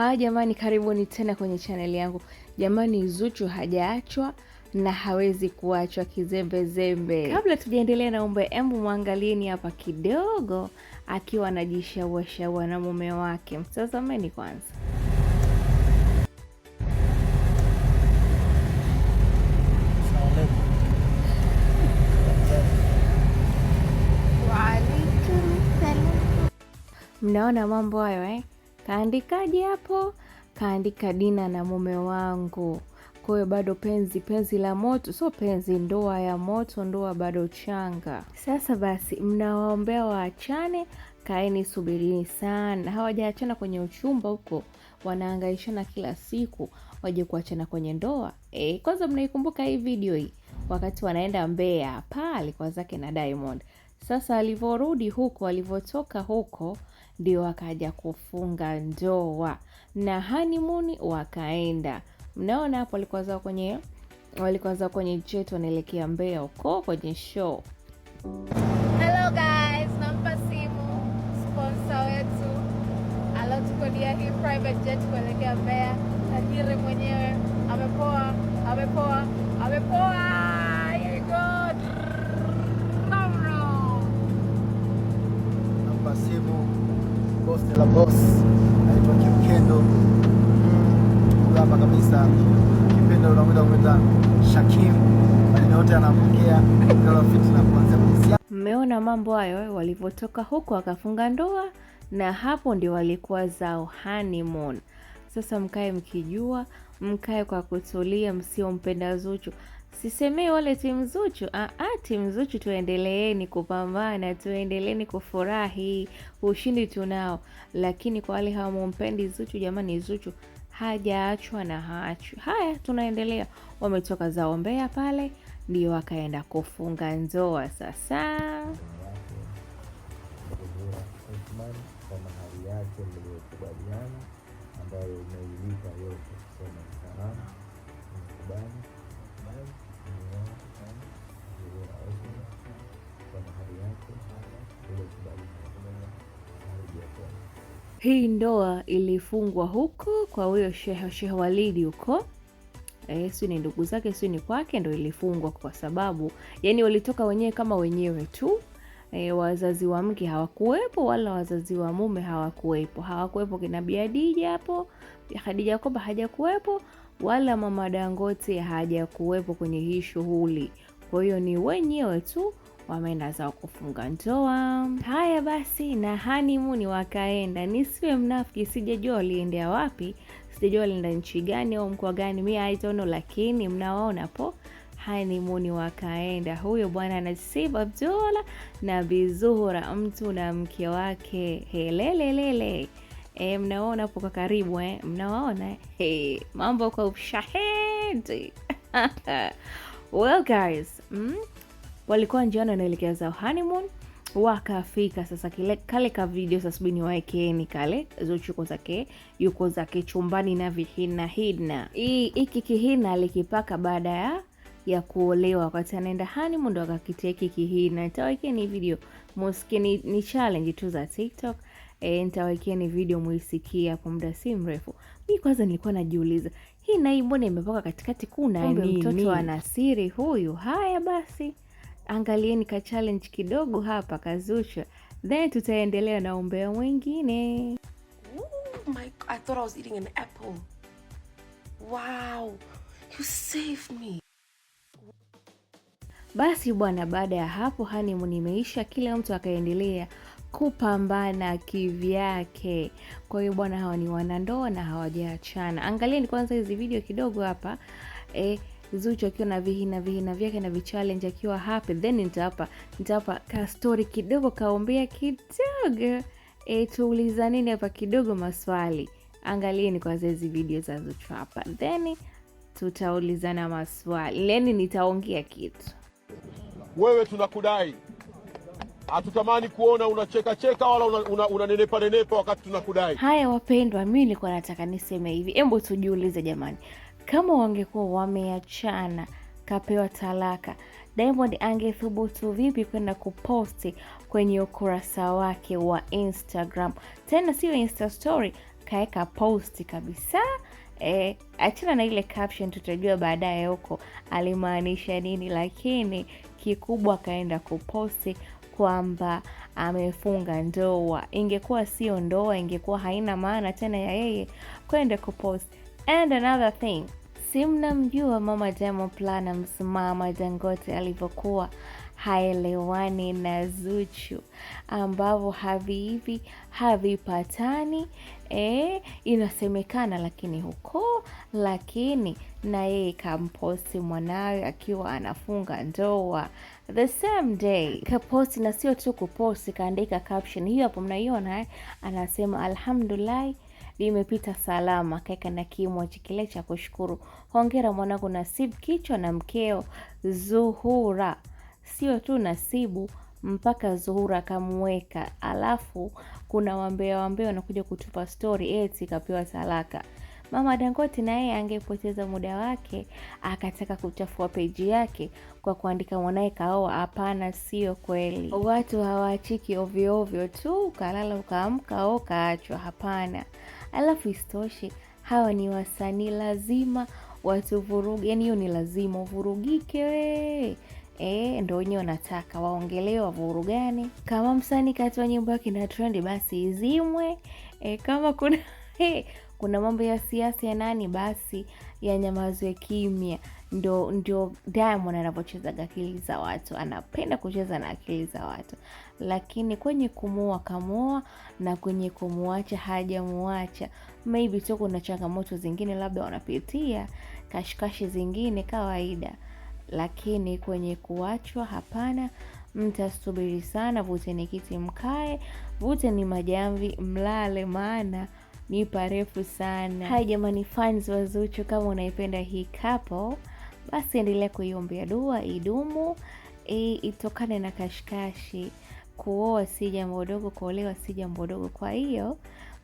Haya jamani, karibuni tena kwenye chaneli yangu. Jamani, Zuchu hajaachwa na hawezi kuachwa kizembezembe. Kabla tujaendelea, naomba embu mwangalieni hapa kidogo akiwa anajishauashaua na mume wake, mtazameni kwanza. Mnaona mambo hayo eh? kaandikaje hapo? Kaandika Dina na mume wangu. Kwa hiyo bado penzi penzi la moto, sio penzi, ndoa ya moto, ndoa bado changa. Sasa basi, mnawaombea waachane. Kaeni subirini sana, hawajaachana kwenye uchumba huko, wanaangaishana kila siku, waje kuachana kwenye ndoa e. Kwanza mnaikumbuka hii video hii, wakati wanaenda Mbeya pale kwa zake na Diamond sasa alivyorudi huko, alivyotoka huko ndio akaja kufunga ndoa na hanimuni wakaenda. Mnaona hapo walikuwa zao kwenye walikuwa zao kwenye jet wanaelekea Mbeya huko kwenye show. Hello guys, nampa simu sponsor wetu alotukodia hii private jet kuelekea Mbeya. Tajiri mwenyewe amepoa, amepoa, amepoa. boss de la boss anaitwa mm, hapa kabisa. Shakim maneno yote kala kuanzia Mmeona mambo hayo walivyotoka huko wakafunga ndoa, na hapo ndio walikuwa zao honeymoon. Sasa mkae mkijua, mkae kwa kutulia, msiompenda Zuchu sisemei wale timu Zuchu. Aa, ah, ah, timu Zuchu, tuendeleeni kupambana, tuendeleeni kufurahi, ushindi tunao. Lakini kwa wale hawampendi Zuchu, jamani, Zuchu hajaachwa na haachwi. Haya, tunaendelea. Wametoka zao Mbeya pale, ndio wakaenda kufunga ndoa sasa ambayo imeilipa yote, kusema salamu kubali yake hii ndoa ilifungwa huko kwa huyo shehe shehe Walidi huko e, si ni ndugu zake, si ni kwake, ndo ilifungwa kwa sababu yani walitoka wenyewe kama wenyewe tu e, wazazi wa mke hawakuwepo wala wazazi wa mume hawakuwepo, hawakuwepo kina biadija hapo, Bi Khadija kwamba hajakuwepo wala mama Dangote hajakuwepo kwenye hii shughuli. Kwa hiyo ni wenyewe tu wameenda zao kufunga ndoa. Haya basi, na hanimuni wakaenda. Nisiwe mnafiki, sijajua waliendea wapi, sijajua walienda nchi gani au mkoa gani, mi aitono, lakini mnawaona po hanimuni wakaenda. Huyo bwana Nasib Abdullah na Bizuhura, mtu na mke wake helelelele. E, mnaona hapo kwa karibu eh? Mnawaona hey, mambo kwa ushahidi well guys mm? walikuwa njiani wanaelekea zao honeymoon wakafika sasa kile, kale ka video sasa subini waekeeni kale zochuko zake yuko zake chumbani na vihina hina hiki kihina alikipaka baada ya ya kuolewa wakati anaenda honeymoon ndo akakitia hiki kihina. Nitawekeni video moski ni, ni challenge tu za TikTok e, nitawekeni video muisikie hapo muda si mrefu. Mi kwanza nilikuwa najiuliza hii nai mbona imepaka katikati, kuna nini? Mtoto ana siri huyu? Haya basi angalieni ka challenge kidogo hapa kazushwa, then tutaendelea na umbea mwingine. Oh Basi bwana, baada ya hapo honeymoon imeisha, kila mtu akaendelea kupambana kivyake. Kwa hiyo bwana, hawa ni wanandoa na hawajaachana. Angalieni kwanza hizi video kidogo hapa eh, Zuchu akiwa na vihina vihina vyake na vichallenge akiwa happy, then nitapa nitapa ka story kidogo kaombea kidogo. E, tuuliza nini hapa kidogo maswali. Angalieni kwanza hizi video za Zuchu hapa, then tutaulizana maswali, leni nitaongea kitu. Wewe tunakudai, hatutamani kuona unacheka cheka wala unanenepa una, una nenepa wakati tunakudai. Haya wapendwa, mi nilikuwa nataka niseme hivi, hebu tujiulize jamani kama wangekuwa wameachana kapewa talaka, Diamond angethubutu vipi kwenda kuposti kwenye ukurasa wake wa Instagram? Tena sio insta story, kaeka posti kabisa. E, achana na ile caption, tutajua baadaye huko alimaanisha nini, lakini kikubwa akaenda kuposti kwamba amefunga ndoa. Ingekuwa sio ndoa, ingekuwa haina maana tena ya yeye kwenda kuposti. And another thing Si mnamjua mama Diamond Platnumz, mama Dangote alivyokuwa haelewani na Zuchu, ambavyo havihivi havipatani. E, inasemekana lakini huko, lakini na yeye kamposti mwanawe akiwa anafunga ndoa the same day, kaposti na sio tu kuposti, kaandika caption hiyo hapo mnaiona, eh, anasema alhamdulillahi limepita salama, kaeka na kimwachi kile cha kushukuru. Hongera mwanangu Nasibu kichwa na mkeo Zuhura, sio tu Nasibu mpaka Zuhura akamweka. Alafu kuna wambea wambea wanakuja kutupa stori eti kapewa talaka. Mama Dangote naye angepoteza muda wake akataka kuchafua peji yake kwa kuandika mwanaye kaoa. Hapana, sio kweli. Watu hawaachiki ovyoovyo tu, ukalala ukaamka au kaachwa. Hapana. Alafu isitoshe hawa ni wasanii, lazima watuvuruge. Yani hiyo ni lazima, uvurugike wee. E, eh, ndo wenyewe wanataka waongelee wavurugane. Kama msanii katoa nyimbo yake na trendi, basi izimwe. E, kama kuna e, kuna mambo ya siasa ya nani, basi yanyamazwe kimya ndio ndio Diamond anavyochezaga akili za watu, anapenda kucheza na akili za watu, lakini kwenye kumuoa kamuoa na kwenye kumuacha hajamuacha. Maybe tu kuna changamoto zingine labda wanapitia kashikashi zingine kawaida, lakini kwenye kuachwa hapana. Mtasubiri sana, vute ni kiti mkae, vute ni majamvi mlale, maana ni parefu sana. Hai jamani, fans wa Zuchu, kama unaipenda hii couple basi endelea kuiombea dua idumu, e, itokane na kashikashi. Kuoa si jambo dogo, kuolewa si jambo dogo. Kwa hiyo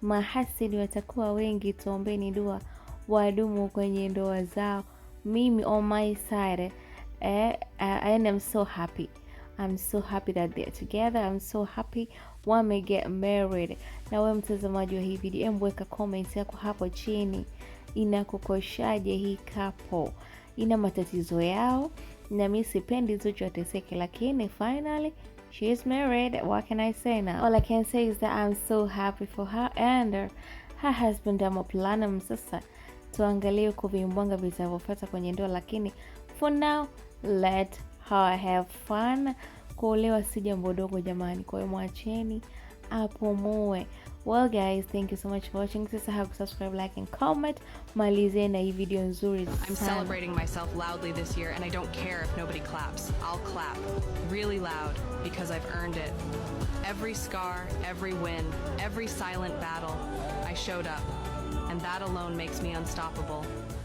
mahasini watakuwa wengi, tuombeni dua wadumu kwenye ndoa zao. Mimi on oh my side eh, and I'm so happy I'm so happy that they're together. I'm so happy wame get married. Na we mtazamaji wa hii video, emweka comment yako hapo chini, inakukoshaje hii couple? ina matatizo yao na mi sipendi zuchu ateseke lakini finally she is married. What can I say now? All I can say is that I'm so happy for her and her husband Diamond Platnumz. Sasa tuangalie uko vimbwanga vitavyofuata kwenye ndoa, lakini for now let her have fun. Kuolewa si jambo dogo jamani, kwa hiyo mwacheni well guys thank you so much for watching sisahau subscribe, like and comment malize na hii video nzuri Zuri. i'm celebrating myself loudly this year and i don't care if nobody claps i'll clap really loud because i've earned it every scar every win every silent battle i showed up and that alone makes me unstoppable